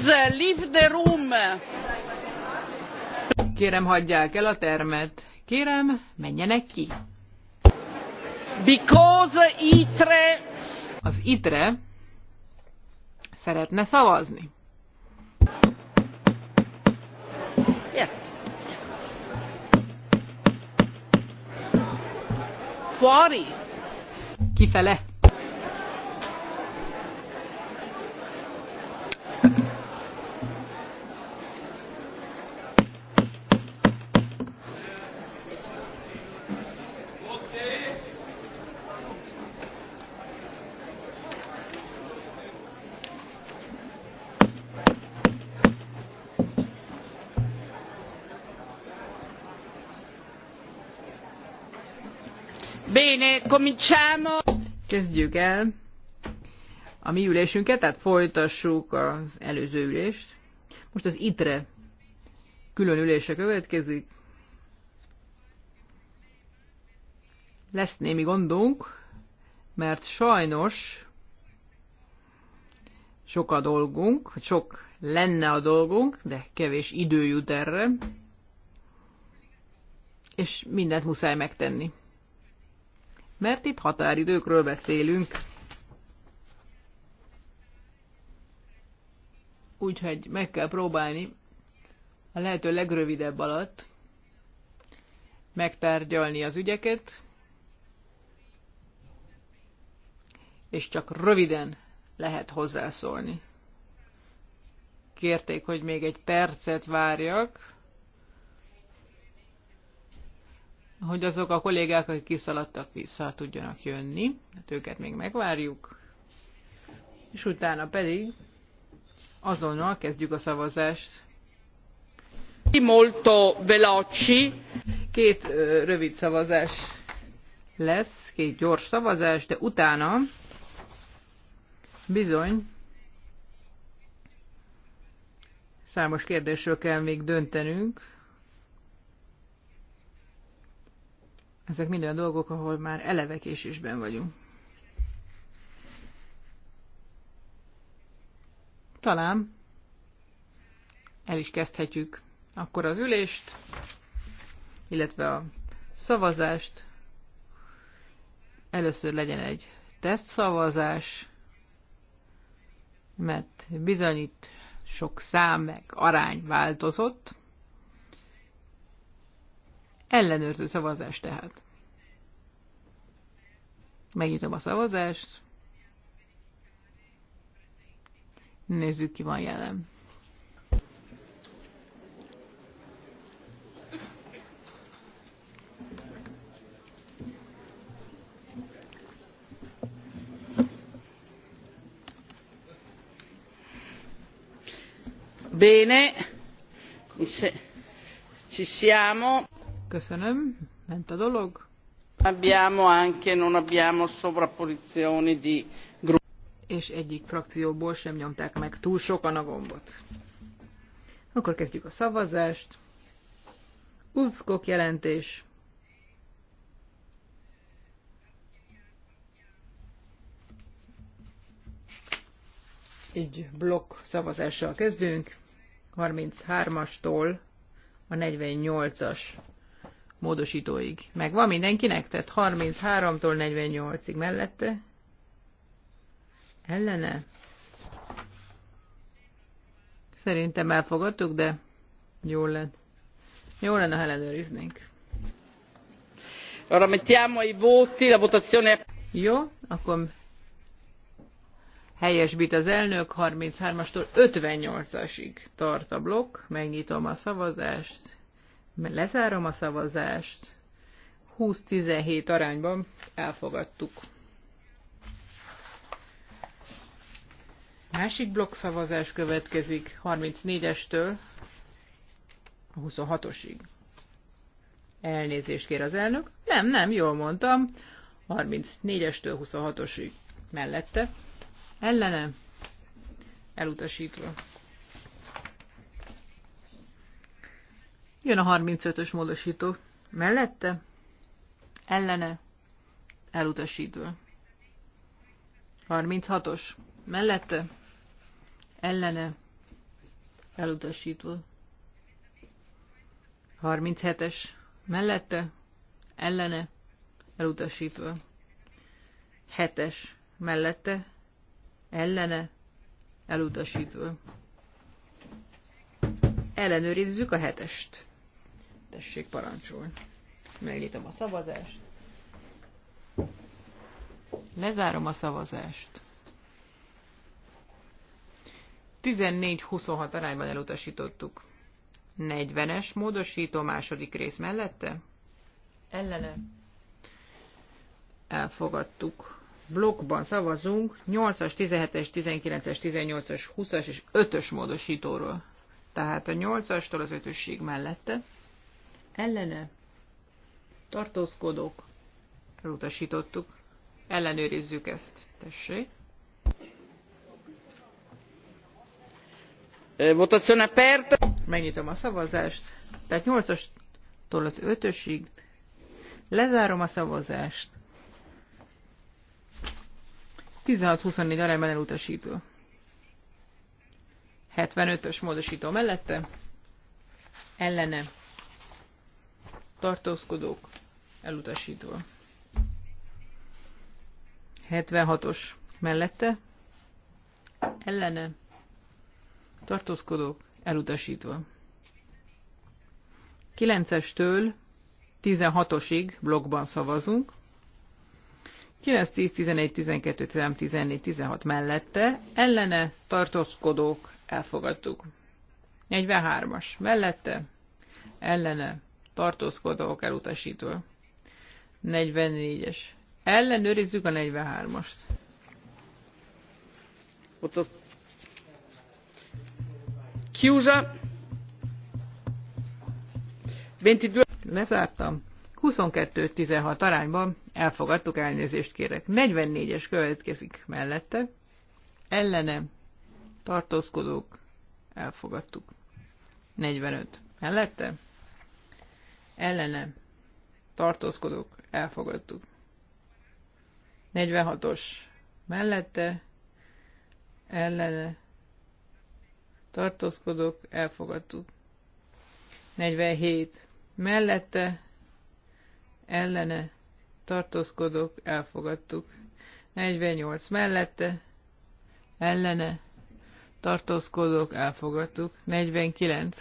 Please leave the room. Kérem, hagyják el a termet. Kérem, menjenek ki. Because itre... Az itre szeretne szavazni. Yeah. Fuori. Kifele. Bene, cominciamo. Kezdjük el a mi ülésünket, tehát folytassuk az előző ülést. Most az ITRE külön ülése következik. Lesz némi gondunk, mert sajnos sok a dolgunk, sok lenne a dolgunk, de kevés idő jut erre, és mindent muszáj megtenni mert itt határidőkről beszélünk. Úgyhogy meg kell próbálni a lehető legrövidebb alatt megtárgyalni az ügyeket, és csak röviden lehet hozzászólni. Kérték, hogy még egy percet várjak. hogy azok a kollégák, akik kiszaladtak vissza, tudjanak jönni. Hát őket még megvárjuk. És utána pedig azonnal kezdjük a szavazást. Molto veloci. Két ö, rövid szavazás lesz, két gyors szavazás, de utána bizony számos kérdésről kell még döntenünk. Ezek mind olyan dolgok, ahol már eleve késésben vagyunk. Talán el is kezdhetjük akkor az ülést, illetve a szavazást. Először legyen egy tesztszavazás, mert bizonyít sok szám meg arány változott. Ellenőrző szavazás tehát. Megnyitom a szavazást. Nézzük, ki van jelen. Bene, ci siamo. Köszönöm. Ment a dolog. Abbiamo anche, non abbiamo sovrapposizioni di És egyik frakcióból sem nyomták meg túl sokan a gombot. Akkor kezdjük a szavazást. Ulfskok jelentés. Így blokk szavazással kezdünk. 33-astól a 48-as módosítóig. van mindenkinek? Tehát 33-tól 48-ig mellette. Ellene? Szerintem elfogadtuk, de jó lett. jó lenne, ha ellenőriznénk. Arra mettiamo i voti, la votazione... Jó, akkor helyesbít az elnök, 33-astól 58-asig tart a blokk, megnyitom a szavazást, Lezárom a szavazást. 20-17 arányban elfogadtuk. Másik blokkszavazás következik 34-estől a 26-osig. Elnézést kér az elnök. Nem, nem, jól mondtam. 34-estől 26-osig. Mellette. Ellene. Elutasítva. Jön a 35-ös módosító. Mellette? Ellene? Elutasítva. 36-os. Mellette? Ellene? Elutasítva. 37-es. Mellette? Ellene? Elutasítva. 7-es. Mellette? Ellene? Elutasítva. Ellenőrizzük a hetest. Tessék, parancsol. Megnyitom a szavazást. Lezárom a szavazást. 14-26 arányban elutasítottuk. 40-es módosító második rész mellette? Ellene. Elfogadtuk. Blokkban szavazunk 8-as, 17-es, 19-es, 18-as, 20-as és 5-ös módosítóról. Tehát a 8-astól az 5 össég mellette ellene tartózkodók, elutasítottuk. Ellenőrizzük ezt, tessék. Votazione aperta. Megnyitom a szavazást. Tehát 8-astól az 5-ösig. Lezárom a szavazást. 16-24 arányban elutasító. 75-ös módosító mellette. Ellene tartózkodók elutasítva. 76-os mellette ellene tartózkodók elutasítva. 9-estől 16-osig blokkban szavazunk. 9, 10, 11, 12, 13, 14, 16 mellette, ellene tartózkodók elfogadtuk. 43-as mellette, ellene tartózkodók elutasítva. 44-es. Ellenőrizzük a 43-ast. Ott a Chiusa. 22. Lezártam. 22-16 arányban elfogadtuk, elnézést kérek. 44-es következik mellette. Ellene tartózkodók elfogadtuk. 45 mellette ellene tartózkodók elfogadtuk. 46-os mellette ellene tartózkodók elfogadtuk. 47 mellette ellene tartózkodók elfogadtuk. 48 mellette ellene tartózkodók elfogadtuk. 49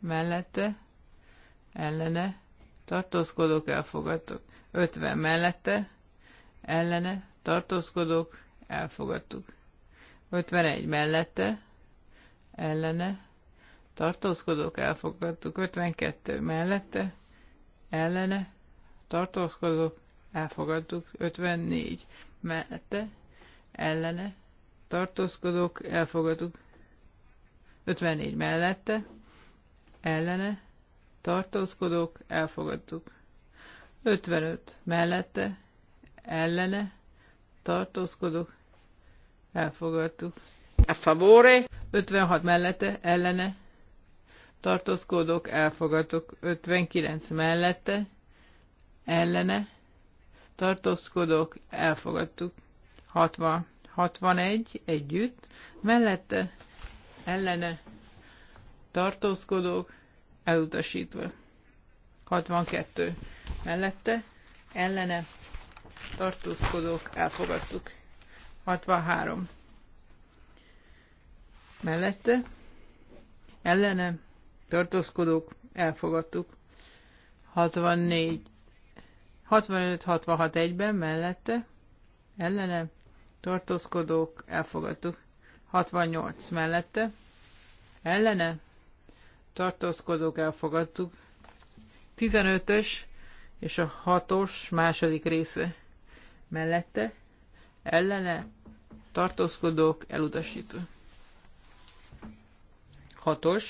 mellette ellene, tartózkodók elfogadtok, 50 mellette, ellene, tartózkodók elfogadtuk. 51 mellette, ellene, tartózkodók elfogadtuk. 52 mellette, ellene, tartózkodók elfogadtuk. 54 mellette, ellene, tartózkodók elfogadtuk. 54 mellette, ellene, tartózkodók, elfogadtuk. 55 mellette, ellene, tartózkodók, elfogadtuk. A favore. 56 mellette, ellene, tartózkodók, elfogadtuk. 59 mellette, ellene, tartózkodók, elfogadtuk. 60, 61 együtt, mellette, ellene, tartózkodók, elutasítva. 62 mellette, ellene tartózkodók elfogadtuk. 63 mellette, ellene tartózkodók elfogadtuk. 64 65-66 egyben mellette, ellene tartózkodók elfogadtuk. 68 mellette, ellene tartózkodók elfogadtuk. 15-ös és a 6-os második része mellette ellene tartózkodók elutasító. 6-os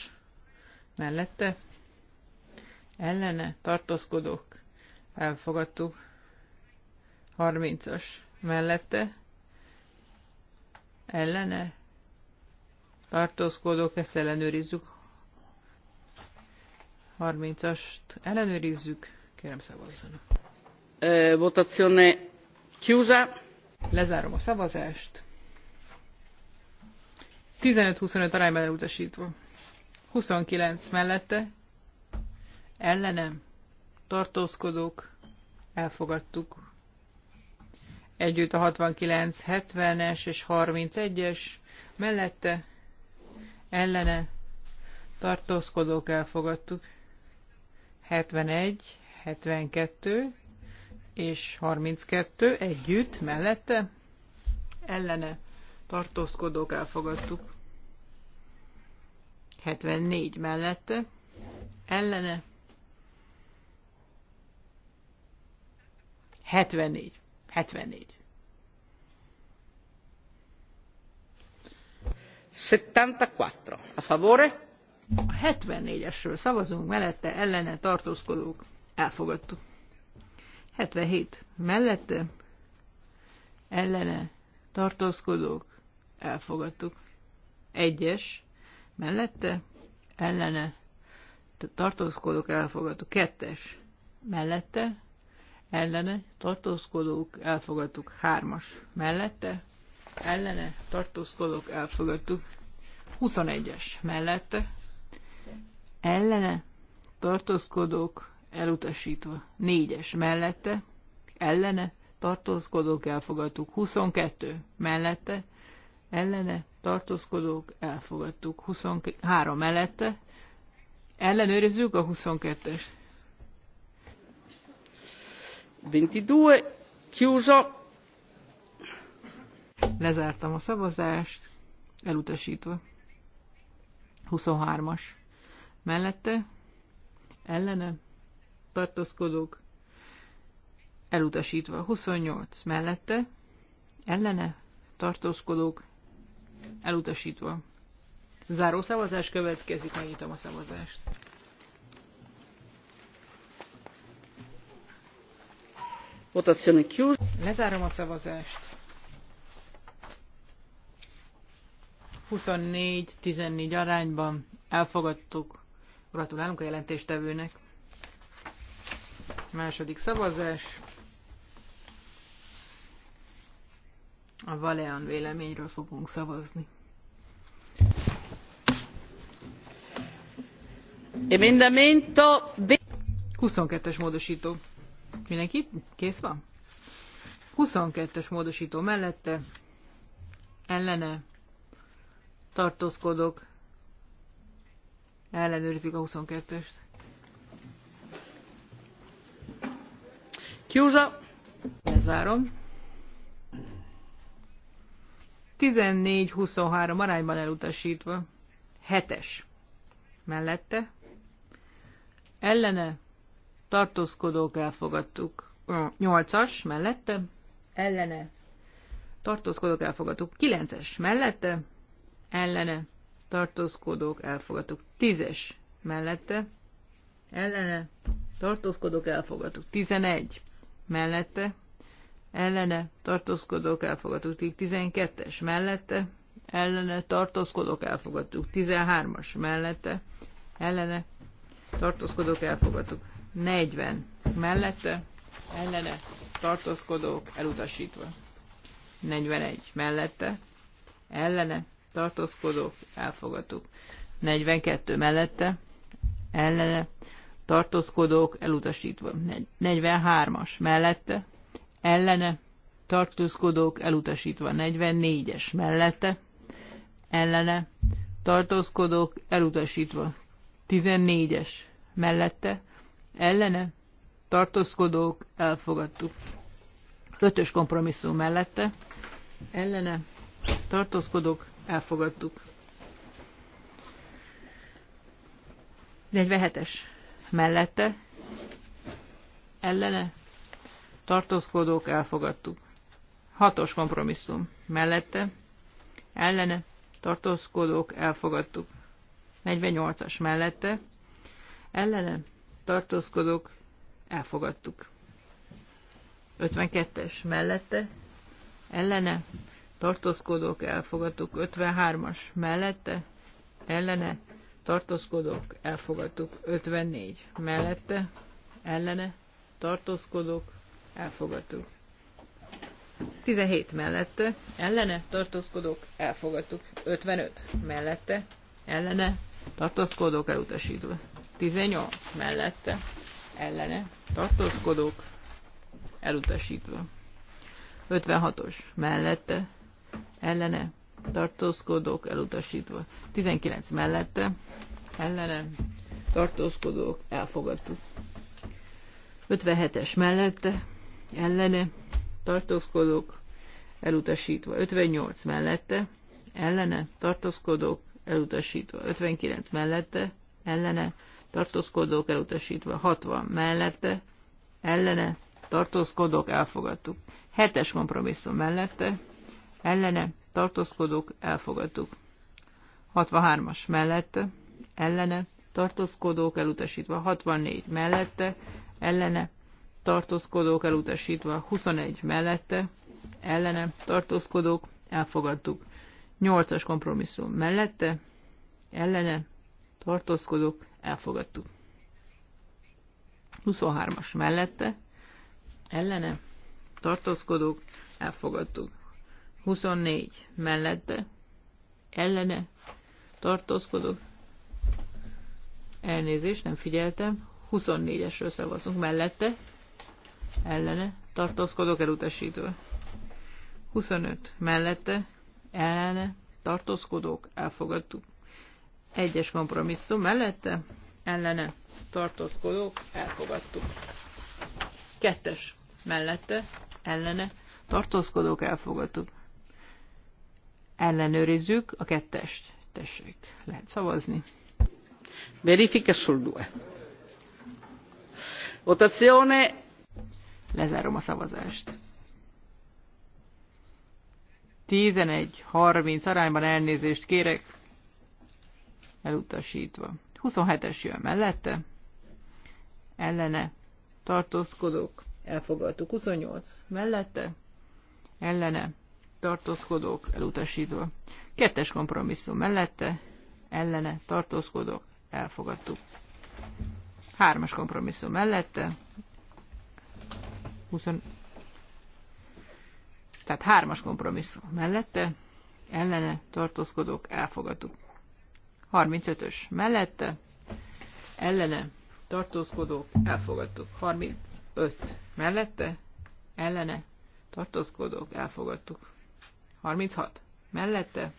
mellette ellene tartózkodók elfogadtuk. 30-as mellette ellene tartózkodók, ezt ellenőrizzük. 30-ast ellenőrizzük. Kérem szavazzanak. Votazione chiusa. Lezárom a szavazást. 15-25 arányban elutasítva. 29 mellette. Ellenem. Tartózkodók. Elfogadtuk. Együtt a 69, 70-es és 31-es. Mellette. Ellene. Tartózkodók elfogadtuk. 71, 72 és 32 együtt, mellette, ellene tartózkodók elfogadtuk. 74 mellette, ellene 74. 74. 74 a favore a 74-esről szavazunk, mellette ellene tartózkodók elfogadtuk. 77 mellette ellene tartózkodók elfogadtuk. 1-es mellette ellene tartózkodók elfogadtuk. 2-es mellette ellene tartózkodók elfogadtuk. 3-as mellette ellene tartózkodók elfogadtuk. 21-es mellette ellene, tartózkodók, elutasítva. Négyes mellette, ellene, tartózkodók, elfogadtuk. 22 mellette, ellene, tartózkodók, elfogadtuk. 23 mellette, ellenőrizzük a 22-es. 22, chiuso. Lezártam a szavazást, elutasítva. 23-as mellette, ellene, tartózkodók, elutasítva. 28 mellette, ellene, tartózkodók, elutasítva. Záró szavazás következik, megnyitom a szavazást. Votazione chiusa. Lezárom a szavazást. 24-14 arányban elfogadtuk Gratulálunk a jelentéstevőnek. Második szavazás. A Valean véleményről fogunk szavazni. Emendamento 22-es módosító. Mindenki kész van? 22-es módosító mellette ellene tartózkodok, ellenőrizzük a 22-est. Kiúza. Lezárom. 14-23 arányban elutasítva. 7-es. Mellette. Ellene. Tartózkodók elfogadtuk. 8-as. Mellette. Ellene. Tartózkodók elfogadtuk. 9-es. Mellette. Ellene tartózkodók elfogadtuk. Tízes mellette, ellene, tartózkodók elfogadtuk. Tizenegy mellette, ellene, tartózkodók elfogadtuk. Tizenkettes mellette, ellene, tartózkodók elfogadtuk. Tizenhármas mellette, ellene, tartózkodók elfogadtuk. Negyven mellette, ellene, tartózkodók elutasítva. 41 mellette, ellene, tartózkodók, elfogadtuk. 42 mellette, ellene, tartózkodók, elutasítva. 43-as mellette, ellene, tartózkodók, elutasítva. 44-es mellette, ellene, tartózkodók, elutasítva. 14-es mellette, ellene, tartózkodók, elfogadtuk. 5-ös kompromisszum mellette, ellene, tartózkodók, Elfogadtuk. 47-es mellette ellene tartózkodók elfogadtuk. 6-os kompromisszum mellette ellene tartózkodók elfogadtuk. 48-as mellette ellene tartózkodók elfogadtuk. 52-es mellette ellene tartózkodók elfogadtuk 53-as mellette, ellene, tartózkodók elfogadtuk 54 mellette, ellene, tartózkodók elfogadtuk 17 mellette, ellene, tartózkodók elfogadtuk 55 mellette, ellene, tartózkodók elutasítva 18 mellette, ellene, tartózkodók elutasítva 56-os mellette, ellene tartózkodók elutasítva. 19 mellette ellene tartózkodók elfogadtuk. 57-es mellette ellene tartózkodók elutasítva. 58 mellette ellene tartózkodók elutasítva. 59 mellette ellene tartózkodók elutasítva. 60 mellette ellene tartózkodók elfogadtuk. 7-es kompromisszum mellette ellene tartózkodók elfogadtuk. 63-as mellette ellene tartózkodók elutasítva, 64 mellette ellene tartózkodók elutasítva, 21 mellette ellene tartózkodók elfogadtuk. 8-as kompromisszum mellette ellene tartózkodók elfogadtuk. 23-as mellette ellene tartózkodók elfogadtuk. 24 mellette, ellene, tartózkodok, elnézést, nem figyeltem, 24-esről szavazunk mellette, ellene, tartózkodok, elutasítva. 25 mellette, ellene, tartózkodok, elfogadtuk. Egyes kompromisszum mellette, ellene, tartózkodok, elfogadtuk. Kettes mellette, ellene, tartózkodók, elfogadtuk. Ellenőrizzük a kettest. Tessék, lehet szavazni. Verifica sul 2. Votazione. Lezárom a szavazást. 11.30 arányban elnézést kérek, elutasítva. 27-es jön mellette, ellene, tartózkodok, elfogadtuk. 28 mellette, ellene, tartózkodók elutasítva. Kettes kompromisszum mellette, ellene tartózkodók elfogadtuk. Hármas kompromisszum mellette, 20, tehát hármas kompromisszum mellette, ellene tartózkodók elfogadtuk. 35-ös mellette, ellene tartózkodók elfogadtuk. 35 mellette, ellene tartózkodók elfogadtuk. 36. Mellette,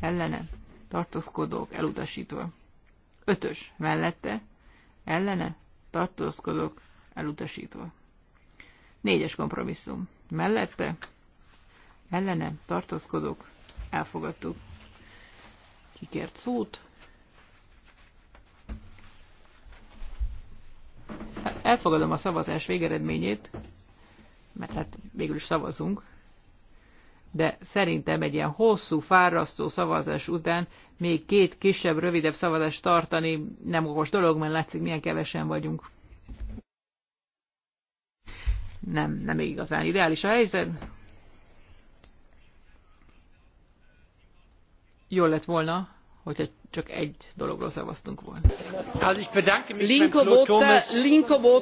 ellene, tartózkodók elutasítva. 5-ös. Mellette, ellene, tartózkodók elutasítva. 4-es kompromisszum. Mellette, ellene, tartózkodók elfogadtuk. Kikért szót. Hát elfogadom a szavazás végeredményét, mert hát végül is szavazunk de szerintem egy ilyen hosszú, fárasztó szavazás után még két kisebb, rövidebb szavazást tartani nem okos dolog, mert látszik, milyen kevesen vagyunk. Nem, nem igazán ideális a helyzet. Jól lett volna, hogyha csak egy dologról szavaztunk volna. Linko Botta, Linko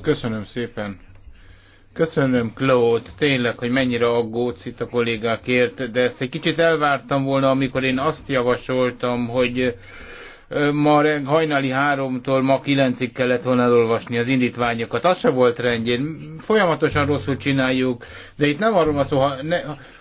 Köszönöm szépen Köszönöm, Claude, tényleg, hogy mennyire aggódsz itt a kollégákért, de ezt egy kicsit elvártam volna, amikor én azt javasoltam, hogy ma hajnali háromtól ma kilencig kellett volna elolvasni az indítványokat. Az se volt rendjén. Folyamatosan rosszul csináljuk, de itt nem arról van szó, ha, ne,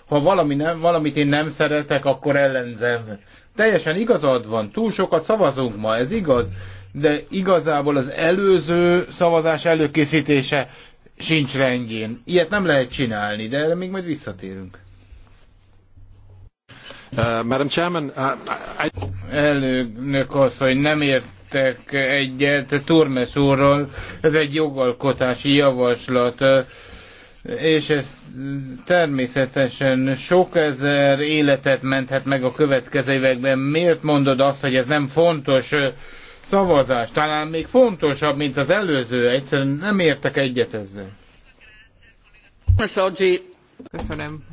ha valami nem, valamit én nem szeretek, akkor ellenzem. Teljesen igazad van, túl sokat szavazunk ma, ez igaz, de igazából az előző szavazás előkészítése sincs rendjén. Ilyet nem lehet csinálni, de erre még majd visszatérünk. Uh, Madam Chairman, uh, I... Elnök az, hogy nem értek egyet Turmes úrral, ez egy jogalkotási javaslat. és ez természetesen sok ezer életet menthet meg a következő években. Miért mondod azt, hogy ez nem fontos? szavazás. Talán még fontosabb, mint az előző. Egyszerűen nem értek egyet ezzel. Köszönöm.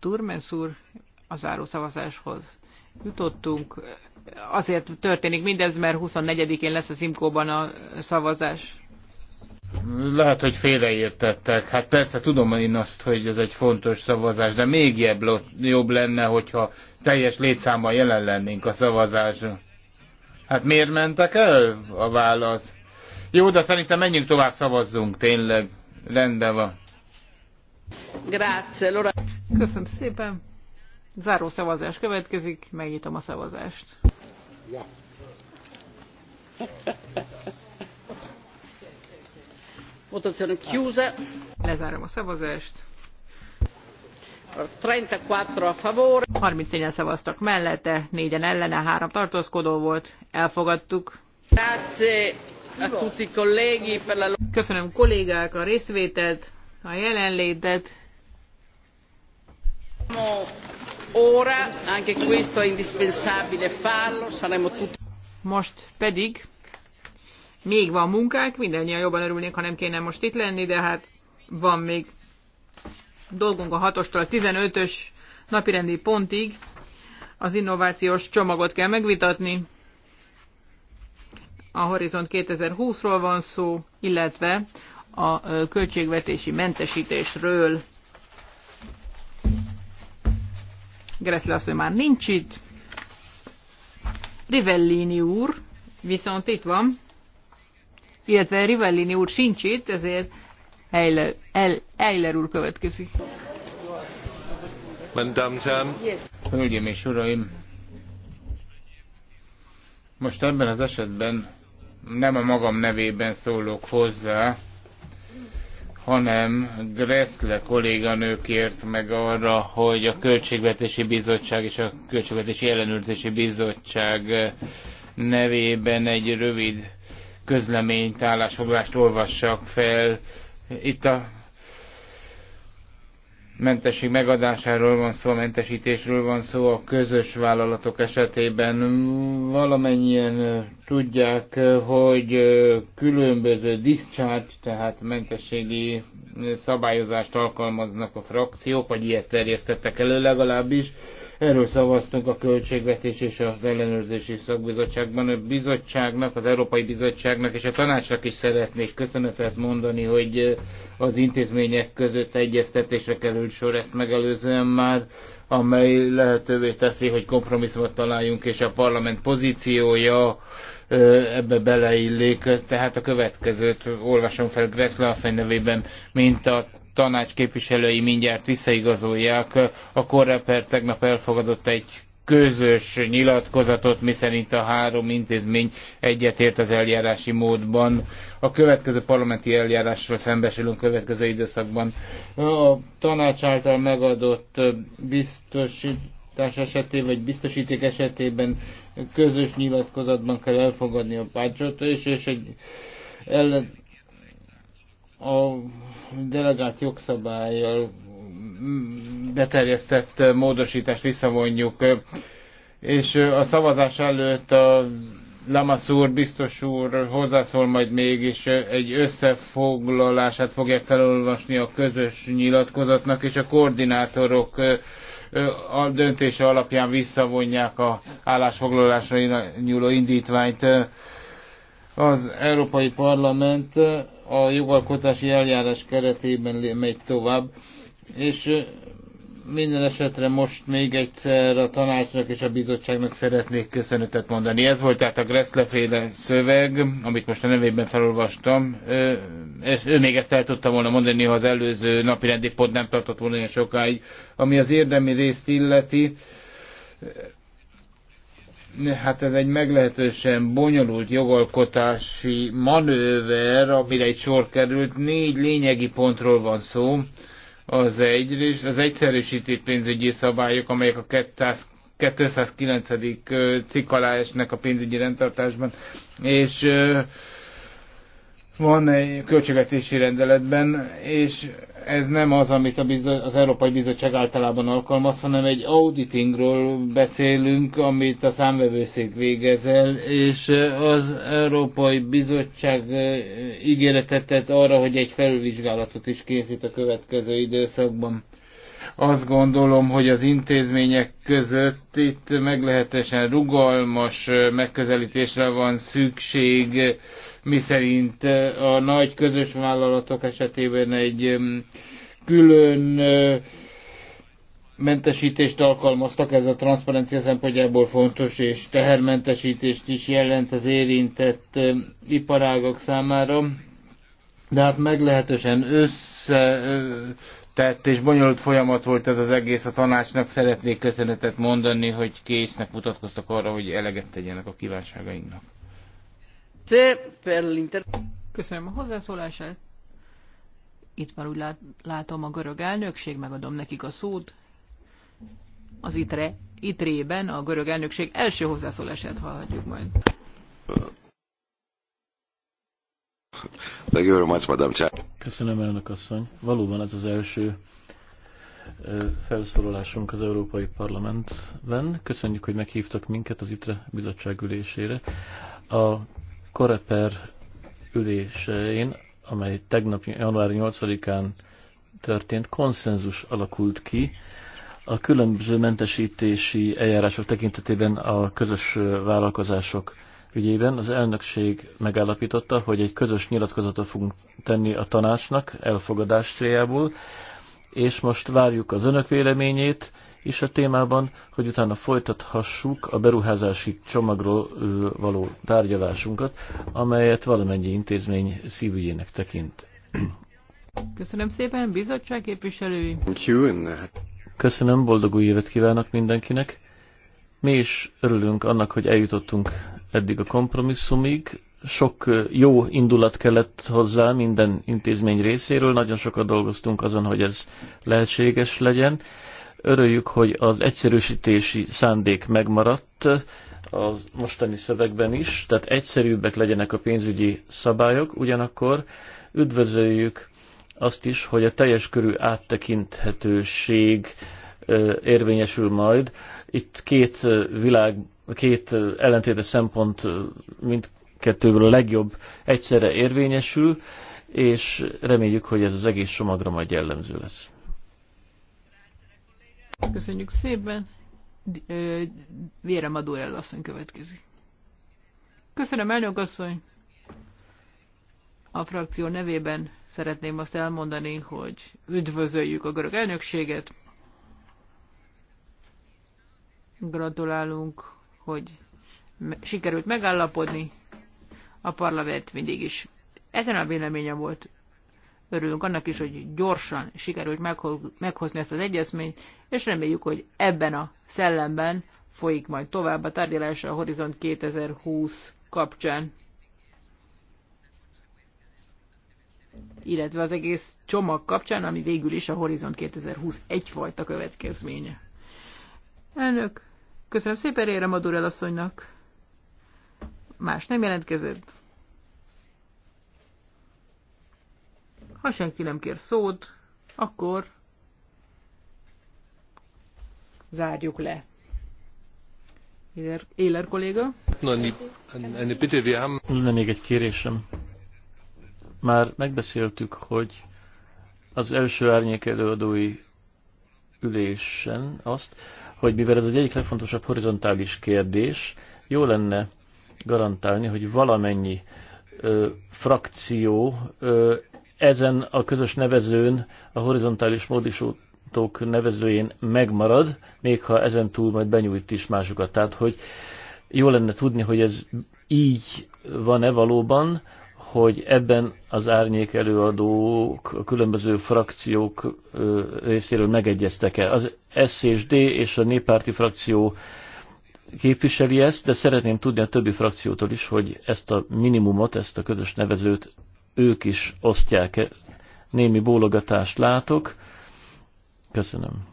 Turmes úr, a záró szavazáshoz jutottunk. Azért történik mindez, mert 24-én lesz a Simkóban a szavazás. Lehet, hogy félreértettek. Hát persze tudom én azt, hogy ez egy fontos szavazás, de még jobb, jobb lenne, hogyha teljes létszámmal jelen lennénk a szavazáson. Hát miért mentek el? A válasz. Jó, de szerintem menjünk tovább, szavazzunk, tényleg. Rendben van. Grazie, Laura. Köszönöm szépen. Záró szavazás következik, megnyitom a szavazást. Ja. Votazione chiusa. Lezárom a szavazást. 34 a favor. 34-en szavaztak mellette, 4-en ellene, három tartózkodó volt. Elfogadtuk. Grazie a tutti colleghi Köszönöm kollégák a részvételt, a jelenlétet. Most pedig még van munkánk, mindannyian jobban örülnék ha nem kéne most itt lenni, de hát van még dolgunk a 6-tól a 15-ös napirendi pontig az innovációs csomagot kell megvitatni. A Horizont 2020-ról van szó, illetve a költségvetési mentesítésről. Gressle hogy már nincs itt. Rivellini úr viszont itt van, illetve Rivellini úr sincs itt, ezért Eiler, úr következik. Hölgyeim és uraim, most ebben az esetben nem a magam nevében szólok hozzá, hanem Gressle kolléganőkért meg arra, hogy a Költségvetési Bizottság és a Költségvetési Ellenőrzési Bizottság nevében egy rövid közleményt, állásfoglalást olvassak fel. Itt a mentesség megadásáról van szó, a mentesítésről van szó a közös vállalatok esetében. Valamennyien tudják, hogy különböző discharge, tehát mentességi szabályozást alkalmaznak a frakciók, vagy ilyet terjesztettek elő legalábbis. Erről szavaztunk a Költségvetés és az Ellenőrzési Szakbizottságban. A bizottságnak, az Európai Bizottságnak és a tanácsnak is szeretnék köszönetet mondani, hogy eh, az intézmények között egyeztetésre került sor ezt megelőzően már, amely lehetővé teszi, hogy kompromisszumot találjunk, és a parlament pozíciója eh, ebbe beleillik. Tehát a következőt olvasom fel Gressle asszony nevében, mint a tanács képviselői mindjárt visszaigazolják. A Korreper tegnap elfogadott egy közös nyilatkozatot, miszerint a három intézmény egyetért az eljárási módban. A következő parlamenti eljárásról szembesülünk következő időszakban. A tanács által megadott biztosítás esetében, vagy biztosíték esetében közös nyilatkozatban kell elfogadni a pácsot, és, és egy ellen, a delegált jogszabályjal mm, beterjesztett módosítást visszavonjuk, és a szavazás előtt a Lamasz úr, biztos úr hozzászól majd még, és egy összefoglalását fogják felolvasni a közös nyilatkozatnak, és a koordinátorok a döntése alapján visszavonják a állásfoglalásra nyúló indítványt. Az Európai Parlament a jogalkotási eljárás keretében megy tovább, és minden esetre most még egyszer a tanácsnak és a bizottságnak szeretnék köszönetet mondani. Ez volt tehát a Gresszleféle szöveg, amit most a nevében felolvastam, ő, és ő még ezt el tudta volna mondani, ha az előző napi rendi pont nem tartott volna olyan sokáig, ami az érdemi részt illeti Hát ez egy meglehetősen bonyolult jogalkotási manőver, amire egy sor került. Négy lényegi pontról van szó. Az, egy, az egyszerűsített pénzügyi szabályok, amelyek a 209. cikk alá esnek a pénzügyi rendtartásban, és van egy költségvetési rendeletben, és ez nem az, amit a bizo- az Európai Bizottság általában alkalmaz, hanem egy auditingról beszélünk, amit a számvevőszék végezel, és az Európai Bizottság ígéretet tett arra, hogy egy felülvizsgálatot is készít a következő időszakban. Azt gondolom, hogy az intézmények között itt meglehetősen rugalmas megközelítésre van szükség, miszerint a nagy közös vállalatok esetében egy külön mentesítést alkalmaztak, ez a transzparencia szempontjából fontos, és tehermentesítést is jelent az érintett iparágok számára, de hát meglehetősen összetett és bonyolult folyamat volt ez az egész a tanácsnak. Szeretnék köszönetet mondani, hogy késznek mutatkoztak arra, hogy eleget tegyenek a kívánságainknak. Köszönöm a hozzászólását. Itt már úgy lát, látom a görög elnökség, megadom nekik a szót. Az itre, itrében a görög elnökség első hozzászólását hallhatjuk majd. Köszönöm, elnök asszony. Valóban ez az első felszólalásunk az Európai Parlamentben. Köszönjük, hogy meghívtak minket az ITRE bizottság ülésére. A Koreper ülésén, amely tegnap január 8-án történt, konszenzus alakult ki a különböző mentesítési eljárások tekintetében a közös vállalkozások ügyében. Az elnökség megállapította, hogy egy közös nyilatkozatot fogunk tenni a tanácsnak elfogadás céljából, és most várjuk az önök véleményét, is a témában, hogy utána folytathassuk a beruházási csomagról való tárgyalásunkat, amelyet valamennyi intézmény szívügyének tekint. Köszönöm szépen, bizottság képviselői! Uh, Köszönöm, boldog új évet kívánok mindenkinek! Mi is örülünk annak, hogy eljutottunk eddig a kompromisszumig. Sok jó indulat kellett hozzá minden intézmény részéről, nagyon sokat dolgoztunk azon, hogy ez lehetséges legyen. Örüljük, hogy az egyszerűsítési szándék megmaradt az mostani szövegben is, tehát egyszerűbbek legyenek a pénzügyi szabályok, ugyanakkor üdvözöljük azt is, hogy a teljes körű áttekinthetőség érvényesül majd. Itt két világ, két ellentétes szempont mindkettőből a legjobb egyszerre érvényesül, és reméljük, hogy ez az egész csomagra majd jellemző lesz. Köszönjük szépen. Vére Madurell asszony következik. Köszönöm, elnök asszony. A frakció nevében szeretném azt elmondani, hogy üdvözöljük a görög elnökséget. Gratulálunk, hogy sikerült megállapodni. A parlament mindig is ezen a véleménye volt. Örülünk annak is, hogy gyorsan sikerült meghozni ezt az egyezményt, és reméljük, hogy ebben a szellemben folyik majd tovább a tárgyalása a Horizont 2020 kapcsán. illetve az egész csomag kapcsán, ami végül is a Horizont 2020 egyfajta következménye. Elnök, köszönöm szépen Ére Madurel asszonynak. Más nem jelentkezett. Ha senki nem kér szót, akkor zárjuk le. Éler, Éler kolléga? Lenne még egy kérésem. Már megbeszéltük, hogy az első árnyék előadói ülésen azt, hogy mivel ez az egyik legfontosabb horizontális kérdés, jó lenne garantálni, hogy valamennyi ö, frakció ö, ezen a közös nevezőn, a horizontális módosítók nevezőjén megmarad, még ha ezen túl majd benyújt is másokat. Tehát, hogy jó lenne tudni, hogy ez így van-e valóban, hogy ebben az árnyék előadók, a különböző frakciók részéről megegyeztek-e. Az SZSD és a néppárti frakció képviseli ezt, de szeretném tudni a többi frakciótól is, hogy ezt a minimumot, ezt a közös nevezőt ők is osztják. -e. Némi bólogatást látok. Köszönöm.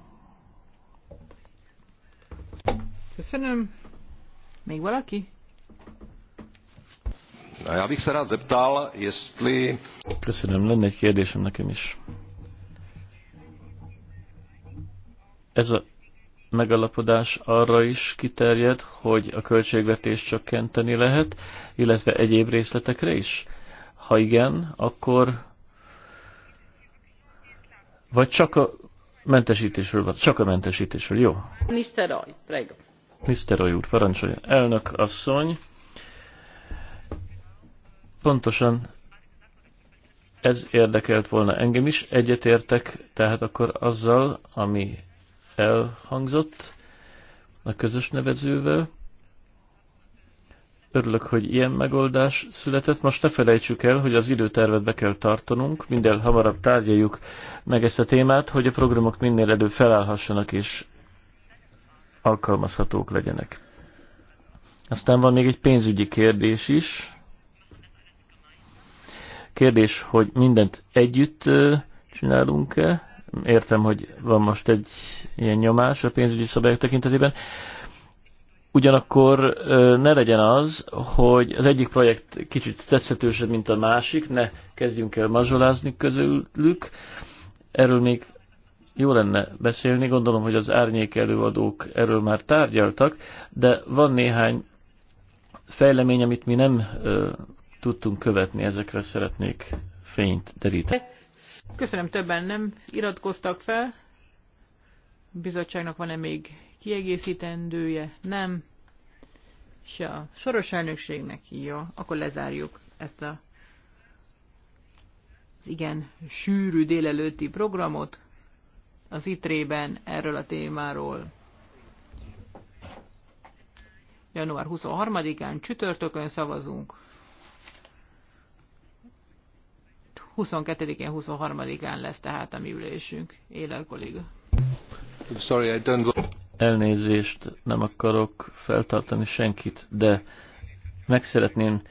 Köszönöm. Még valaki? Já bych se rád zeptal, jestli... Köszönöm, lenne egy kérdésem nekem is. Ez a megalapodás arra is kiterjed, hogy a költségvetést csökkenteni lehet, illetve egyéb részletekre is? Ha igen, akkor vagy csak a mentesítésről van, csak a mentesítésről, jó? Niszteroy, prego. Niszteroy úr, parancsoljon. Elnök asszony, pontosan ez érdekelt volna engem is, egyetértek tehát akkor azzal, ami elhangzott a közös nevezővel. Örülök, hogy ilyen megoldás született. Most ne felejtsük el, hogy az időtervet be kell tartanunk, minden hamarabb tárgyaljuk meg ezt a témát, hogy a programok minél előbb felállhassanak és alkalmazhatók legyenek. Aztán van még egy pénzügyi kérdés is. Kérdés, hogy mindent együtt csinálunk-e? Értem, hogy van most egy ilyen nyomás a pénzügyi szabályok tekintetében. Ugyanakkor ne legyen az, hogy az egyik projekt kicsit tetszetősebb, mint a másik, ne kezdjünk el mazsolázni közülük. Erről még jó lenne beszélni, gondolom, hogy az árnyék előadók erről már tárgyaltak, de van néhány fejlemény, amit mi nem ö, tudtunk követni, ezekre szeretnék fényt deríteni. Köszönöm, többen nem iratkoztak fel. A bizottságnak van-e még kiegészítendője, nem, és a soros elnökségnek jó, akkor lezárjuk ezt a, az igen sűrű délelőtti programot. Az ITRE-ben erről a témáról január 23-án csütörtökön szavazunk. 22-én, 23-án lesz tehát a mi ülésünk. Élel kolléga. Sorry, I don't elnézést, nem akarok feltartani senkit, de meg szeretném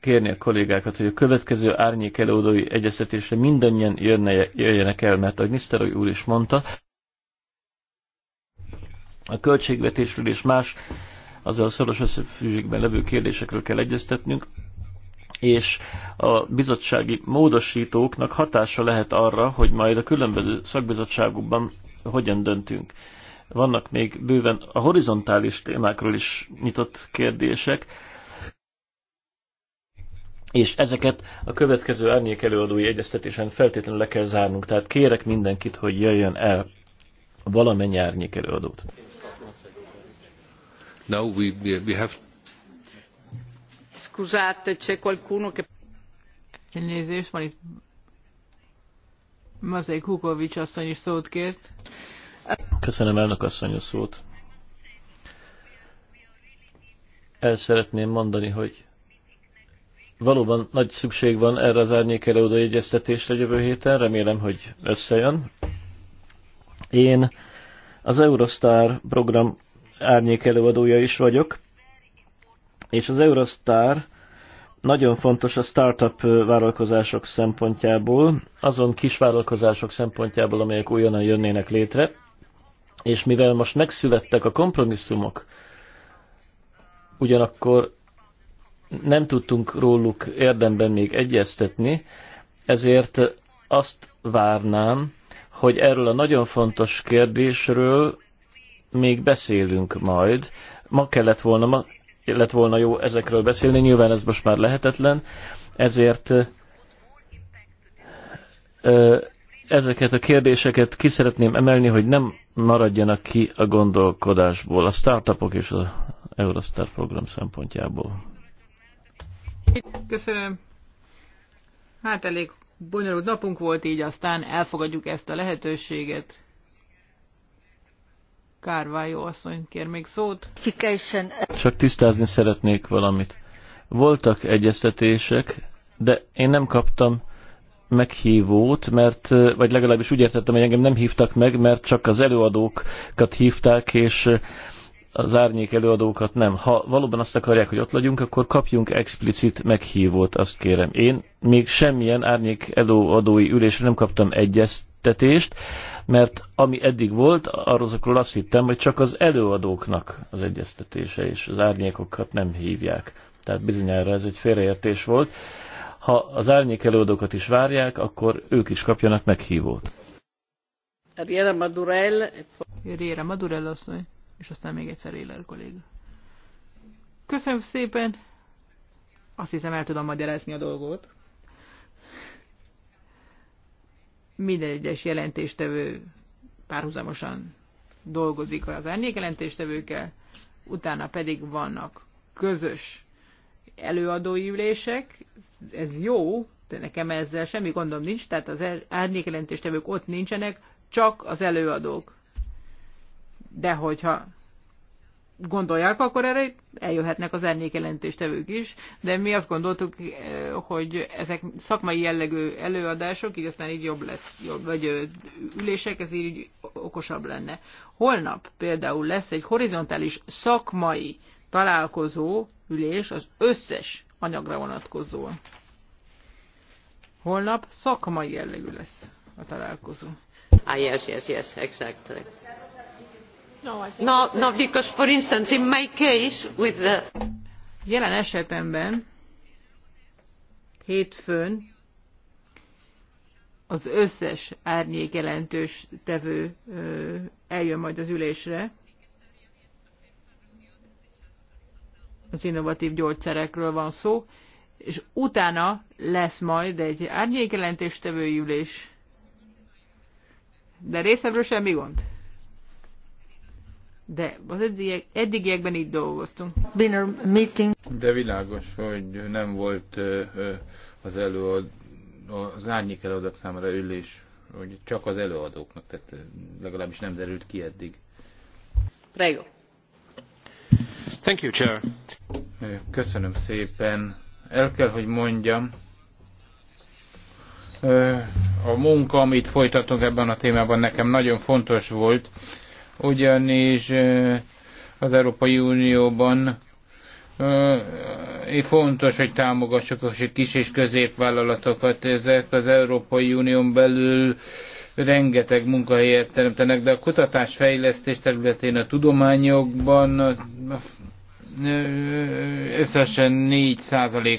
kérni a kollégákat, hogy a következő árnyék előadói egyeztetésre mindannyian jönne, jöjjenek el, mert a Gnisztaroly úr is mondta, a költségvetésről és más azzal szoros összefüggésben levő kérdésekről kell egyeztetnünk, és a bizottsági módosítóknak hatása lehet arra, hogy majd a különböző szakbizottságokban hogyan döntünk vannak még bőven a horizontális témákról is nyitott kérdések, és ezeket a következő árnyék előadói egyeztetésen feltétlenül le kell zárnunk. Tehát kérek mindenkit, hogy jöjjön el valamennyi árnyék előadót. Now we, we have... Scusate, c'è qualcuno che... Elnézést, van itt Mazei Kukovics asszony is szót kért. Köszönöm elnök asszony a szót. El szeretném mondani, hogy valóban nagy szükség van erre az árnyékelődő egyeztetésre jövő héten, remélem, hogy összejön. Én az Eurostar program árnyék előadója is vagyok, és az Eurostar nagyon fontos a startup vállalkozások szempontjából, azon kis vállalkozások szempontjából, amelyek újonnan jönnének létre, és mivel most megszülettek a kompromisszumok, ugyanakkor nem tudtunk róluk érdemben még egyeztetni, ezért azt várnám, hogy erről a nagyon fontos kérdésről még beszélünk majd. Ma kellett volna, ma lett volna jó ezekről beszélni, nyilván ez most már lehetetlen, ezért ezeket a kérdéseket ki szeretném emelni, hogy nem maradjanak ki a gondolkodásból, a startupok és az Eurostar program szempontjából. Köszönöm. Hát elég bonyolult napunk volt, így aztán elfogadjuk ezt a lehetőséget. Kárvájó asszony, kér még szót. Csak tisztázni szeretnék valamit. Voltak egyeztetések, de én nem kaptam meghívót, mert, vagy legalábbis úgy értettem, hogy engem nem hívtak meg, mert csak az előadókat hívták, és az árnyék előadókat nem. Ha valóban azt akarják, hogy ott legyünk, akkor kapjunk explicit meghívót, azt kérem. Én még semmilyen árnyék előadói ülésre nem kaptam egyeztetést, mert ami eddig volt, arról azokról azt hittem, hogy csak az előadóknak az egyeztetése, és az árnyékokat nem hívják. Tehát bizonyára ez egy félreértés volt. Ha az árnyék előadókat is várják, akkor ők is kapjanak meghívót. Riera Madurell. Riera Madurell asszony, és aztán még egyszer Éler kolléga. Köszönöm szépen! Azt hiszem el tudom magyarázni a dolgot. Minden egyes jelentéstevő párhuzamosan dolgozik az árnyék jelentéstevőkkel, utána pedig vannak közös előadói ülések, ez jó, de nekem ezzel semmi gondom nincs, tehát az árnyékelentéstevők ott nincsenek, csak az előadók. De hogyha gondolják, akkor erre eljöhetnek az árnyékelentéstevők is, de mi azt gondoltuk, eh, hogy ezek szakmai jellegű előadások, így aztán így jobb lesz, jobb, vagy ülések, ez így okosabb lenne. Holnap például lesz egy horizontális szakmai találkozó ülés az összes anyagra vonatkozóan. Holnap szakmai jellegű lesz a találkozó. Ah, yes, yes, yes, exactly. No, no, uh, no, because for instance, in my case, with the... Jelen esetemben hétfőn az összes árnyék jelentős tevő eljön majd az ülésre, az innovatív gyógyszerekről van szó, és utána lesz majd egy árnyékjelentéstevő ülés. De részemről semmi gond. De az eddigiek, eddigiekben így dolgoztunk. Meeting. De világos, hogy nem volt az előad, az árnyék előadók számára ülés, hogy csak az előadóknak, tehát legalábbis nem derült ki eddig. Prego. Thank you, Chair. Köszönöm szépen. El kell, hogy mondjam, a munka, amit folytatunk ebben a témában nekem nagyon fontos volt, ugyanis az Európai Unióban fontos, hogy támogassuk a kis és középvállalatokat. Ezek az Európai Unión belül rengeteg munkahelyet teremtenek, de a kutatás fejlesztés területén, a tudományokban, a összesen 4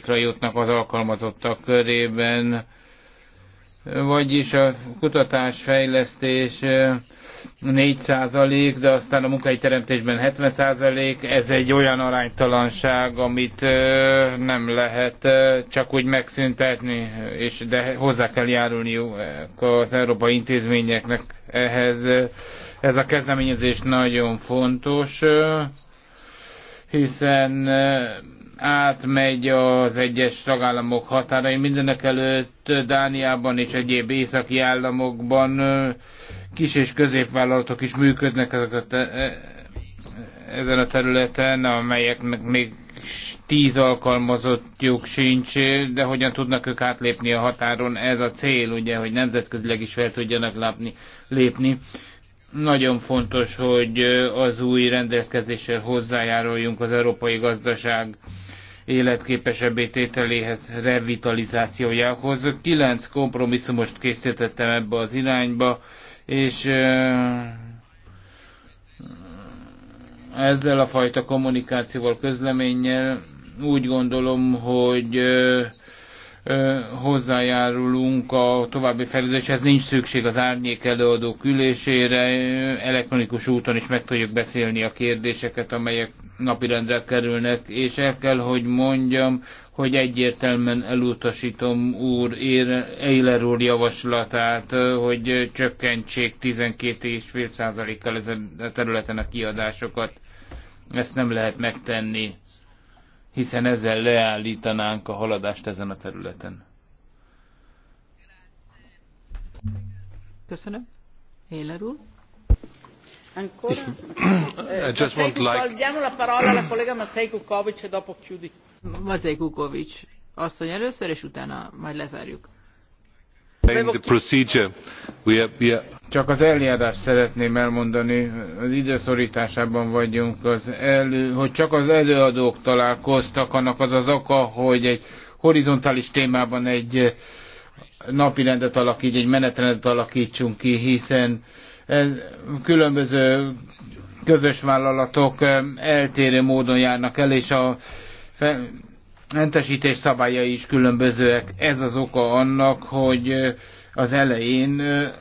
ra jutnak az alkalmazottak körében, vagyis a kutatásfejlesztés 4 de aztán a munkai teremtésben 70 ez egy olyan aránytalanság, amit nem lehet csak úgy megszüntetni, és de hozzá kell járulniuk az európai intézményeknek ehhez. Ez a kezdeményezés nagyon fontos hiszen átmegy az egyes tagállamok határai mindenek előtt Dániában és egyéb északi államokban kis és középvállalatok is működnek te- ezen a területen, amelyeknek még tíz alkalmazottjuk sincs, de hogyan tudnak ők átlépni a határon, ez a cél, ugye, hogy nemzetközileg is fel tudjanak lépni. Nagyon fontos, hogy az új rendelkezéssel hozzájáruljunk az európai gazdaság életképesebbé tételéhez, revitalizációjához. Kilenc kompromisszumost készítettem ebbe az irányba, és ezzel a fajta kommunikációval, közleménnyel úgy gondolom, hogy hozzájárulunk a további fejlődéshez, nincs szükség az árnyék előadók ülésére, elektronikus úton is meg tudjuk beszélni a kérdéseket, amelyek napirendre kerülnek, és el kell, hogy mondjam, hogy egyértelműen elutasítom úr Eiler úr javaslatát, hogy csökkentsék 12,5%-kal ezen a területen a kiadásokat. Ezt nem lehet megtenni hiszen ezzel leállítanánk a haladást ezen a területen. Köszönöm. Héler úr. Eh, I just want like... Kukovic Matej Kukovic, asszony először, és utána majd lezárjuk. The procedure. We are, we are... Csak az eljárást szeretném elmondani, az időszorításában vagyunk, az elő, hogy csak az előadók találkoztak, annak az az oka, hogy egy horizontális témában egy napi rendet alakít, egy menetrendet alakítsunk ki, hiszen ez különböző közös vállalatok eh, eltérő módon járnak el, és a mentesítés szabályai is különbözőek. Ez az oka annak, hogy eh, az elején eh,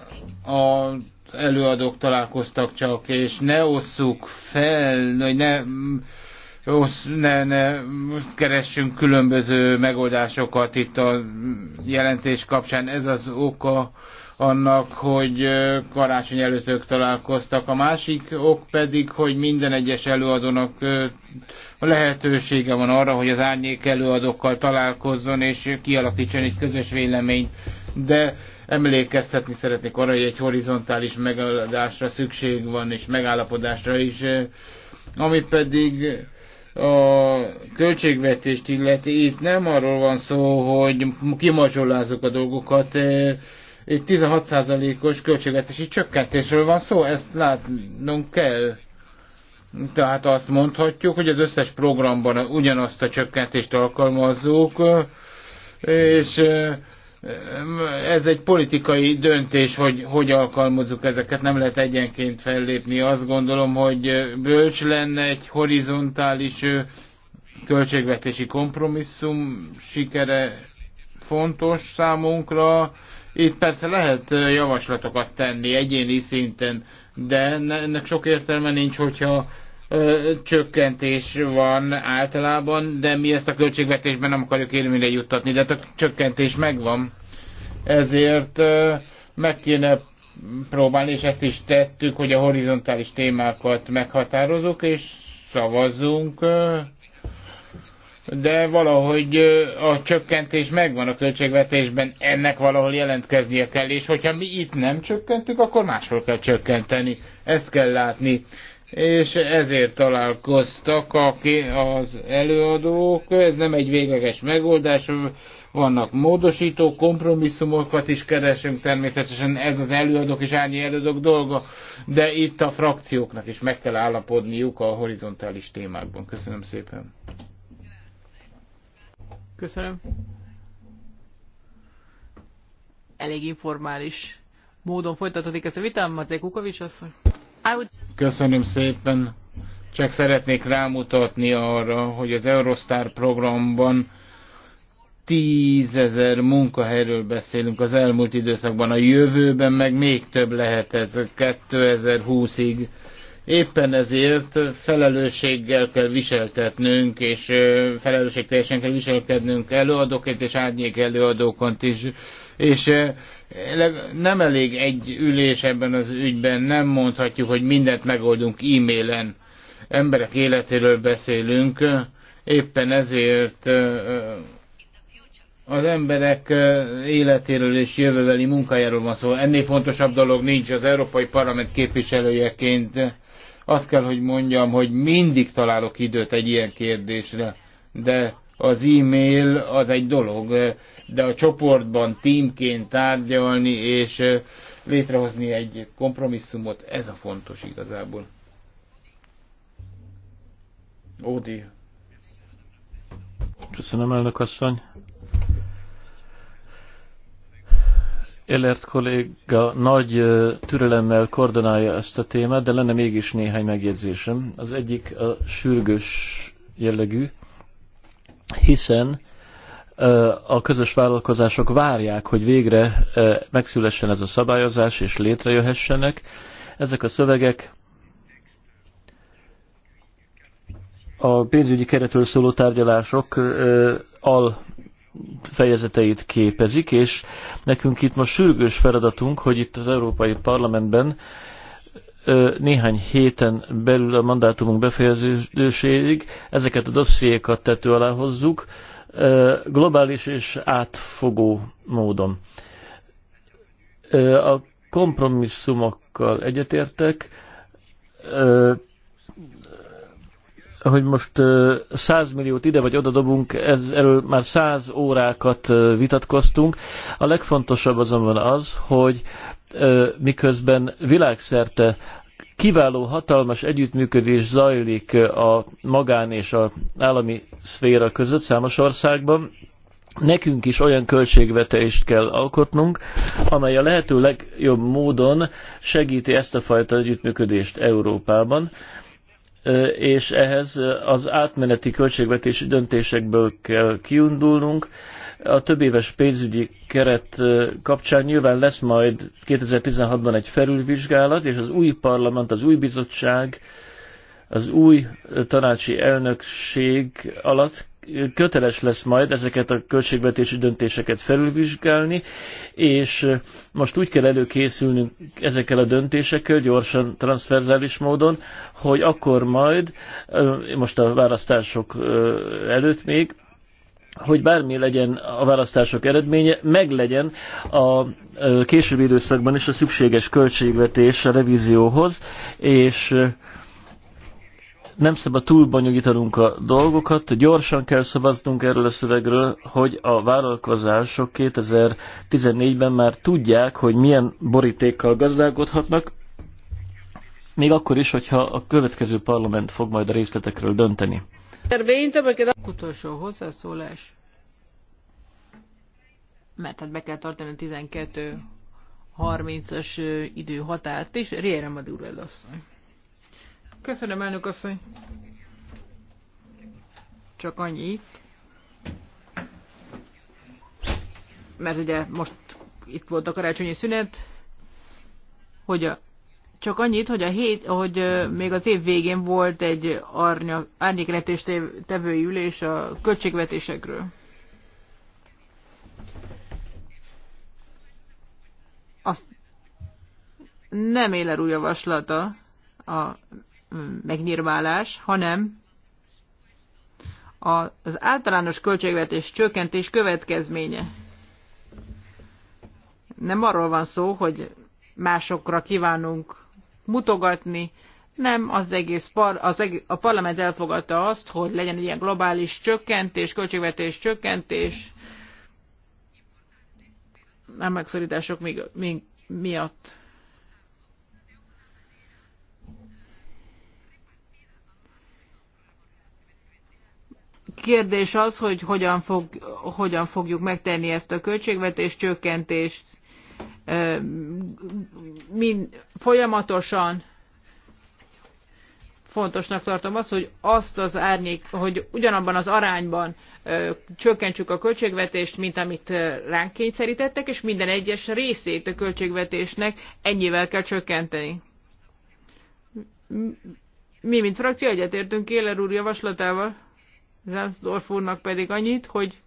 az előadók találkoztak csak, és ne osszuk fel, hogy ne, osz, ne, ne keressünk különböző megoldásokat itt a jelentés kapcsán. Ez az oka annak, hogy karácsony előtt ők találkoztak. A másik ok pedig, hogy minden egyes előadónak lehetősége van arra, hogy az árnyék előadókkal találkozzon és kialakítson egy közös véleményt. De Emlékeztetni szeretnék arra, hogy egy horizontális megoldásra szükség van, és megállapodásra is, eh, ami pedig a költségvetést illeti, itt nem arról van szó, hogy kimazsolázzuk a dolgokat, eh, egy 16%-os költségvetési csökkentésről van szó, ezt látnunk kell. Tehát azt mondhatjuk, hogy az összes programban ugyanazt a csökkentést alkalmazzuk, eh, és ez egy politikai döntés, hogy hogy alkalmazzuk ezeket, nem lehet egyenként fellépni. Azt gondolom, hogy bölcs lenne egy horizontális költségvetési kompromisszum sikere fontos számunkra. Itt persze lehet javaslatokat tenni egyéni szinten, de ennek sok értelme nincs, hogyha csökkentés van általában, de mi ezt a költségvetésben nem akarjuk élményre juttatni, de hát a csökkentés megvan. Ezért meg kéne próbálni, és ezt is tettük, hogy a horizontális témákat meghatározunk, és szavazzunk, de valahogy a csökkentés megvan a költségvetésben, ennek valahol jelentkeznie kell, és hogyha mi itt nem csökkentük, akkor máshol kell csökkenteni. Ezt kell látni és ezért találkoztak az előadók. Ez nem egy végleges megoldás, vannak módosító kompromisszumokat is keresünk, természetesen ez az előadók és árnyi előadók dolga, de itt a frakcióknak is meg kell állapodniuk a horizontális témákban. Köszönöm szépen. Köszönöm. Elég informális módon folytatódik ez a vitám, Matej Kukovics asszony. Köszönöm szépen. Csak szeretnék rámutatni arra, hogy az Eurostar programban tízezer munkahelyről beszélünk az elmúlt időszakban, a jövőben meg még több lehet ez 2020-ig. Éppen ezért felelősséggel kell viseltetnünk, és felelősségteljesen kell viselkednünk előadóként és árnyék előadóként is, és nem elég egy ülés ebben az ügyben, nem mondhatjuk, hogy mindent megoldunk e-mailen. Emberek életéről beszélünk, éppen ezért az emberek életéről és jövőveli munkájáról van szó. Ennél fontosabb dolog nincs az Európai Parlament képviselőjeként. Azt kell, hogy mondjam, hogy mindig találok időt egy ilyen kérdésre, de az e-mail az egy dolog, de a csoportban tímként tárgyalni és létrehozni egy kompromisszumot, ez a fontos igazából. Ódi. Köszönöm, elnök asszony. Elert kolléga nagy türelemmel koordinálja ezt a témát, de lenne mégis néhány megjegyzésem. Az egyik a sürgős jellegű hiszen a közös vállalkozások várják, hogy végre megszülessen ez a szabályozás, és létrejöhessenek. Ezek a szövegek a pénzügyi keretről szóló tárgyalások al fejezeteit képezik, és nekünk itt most sürgős feladatunk, hogy itt az Európai Parlamentben néhány héten belül a mandátumunk befejeződéséig ezeket a dossziékat tető alá hozzuk, globális és átfogó módon. A kompromisszumokkal egyetértek, hogy most 100 milliót ide vagy oda dobunk, ez, erről már 100 órákat vitatkoztunk. A legfontosabb azonban az, hogy miközben világszerte kiváló, hatalmas együttműködés zajlik a magán és a állami szféra között számos országban, nekünk is olyan költségvetést kell alkotnunk, amely a lehető legjobb módon segíti ezt a fajta együttműködést Európában és ehhez az átmeneti költségvetési döntésekből kell kiindulnunk. A több éves pénzügyi keret kapcsán nyilván lesz majd 2016-ban egy felülvizsgálat, és az új parlament, az új bizottság, az új tanácsi elnökség alatt köteles lesz majd ezeket a költségvetési döntéseket felülvizsgálni, és most úgy kell előkészülnünk ezekkel a döntésekkel, gyorsan, transferzális módon, hogy akkor majd, most a választások előtt még, hogy bármi legyen a választások eredménye, meg legyen a későbbi időszakban is a szükséges költségvetés a revízióhoz, és nem szabad túlbonyolítanunk a dolgokat, gyorsan kell szavaznunk erről a szövegről, hogy a vállalkozások 2014-ben már tudják, hogy milyen borítékkal gazdálkodhatnak, még akkor is, hogyha a következő parlament fog majd a részletekről dönteni. Utolsó hozzászólás. Mert hát be kell tartani a 12 30-as idő határt is. Riera Maduro asszony. Köszönöm, elnök asszony. Csak annyi. Mert ugye most itt volt a karácsonyi szünet, hogy a, csak annyit, hogy, a hét, hogy még az év végén volt egy árnyékletés tevői ülés a költségvetésekről. Azt nem éler új javaslata a megnyírválás, hanem az általános költségvetés csökkentés következménye. Nem arról van szó, hogy másokra kívánunk mutogatni, nem, az egész par, az eg, a parlament elfogadta azt, hogy legyen egy ilyen globális csökkentés, költségvetés csökkentés, nem megszorítások mi, mi, miatt. Kérdés az, hogy hogyan, fog, hogyan fogjuk megtenni ezt a költségvetés csökkentést min, folyamatosan fontosnak tartom azt, hogy azt az árnyék, hogy ugyanabban az arányban ö, csökkentsük a költségvetést, mint amit ö, ránk kényszerítettek, és minden egyes részét a költségvetésnek ennyivel kell csökkenteni. Mi, mint frakció, egyetértünk Kéler úr javaslatával. Ransdorf úrnak pedig annyit, hogy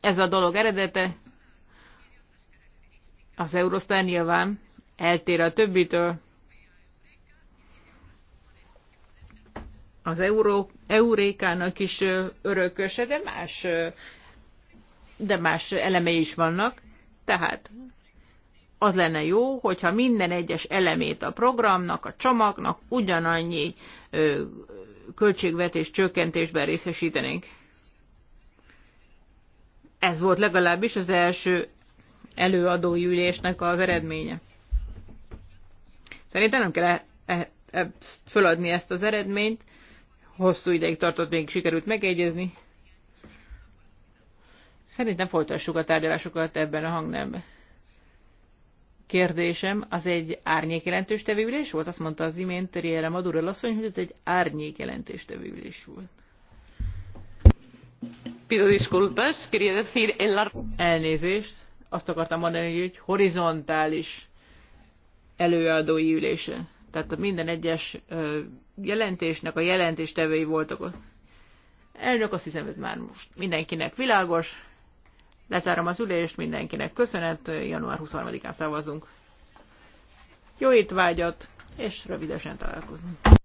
ez a dolog eredete, az Eurostar nyilván eltér a többitől. Az Euró, Eurékának is örököse, de más, de más elemei is vannak. Tehát az lenne jó, hogyha minden egyes elemét a programnak, a csomagnak ugyanannyi ö, költségvetés csökkentésben részesítenénk. Ez volt legalábbis az első előadói ülésnek az eredménye. Szerintem nem kell e, e, e, föladni ezt az eredményt. Hosszú ideig tartott, még sikerült megegyezni. Szerintem folytassuk a tárgyalásokat ebben a hangnemben kérdésem az egy árnyék jelentéstevő ülés volt? Azt mondta az imént Riera Maduro asszony, hogy ez egy árnyék jelentéstevő ülés volt. Pido disculpas, quería decir en la... Elnézést, azt akartam mondani, hogy horizontális előadói ülése. Tehát minden egyes jelentésnek a jelentéstevői voltak ott. Elnök, azt hiszem, ez már most mindenkinek világos. Lezárom az ülést mindenkinek. Köszönet, január 23-án szavazunk. Jó étvágyat, és rövidesen találkozunk.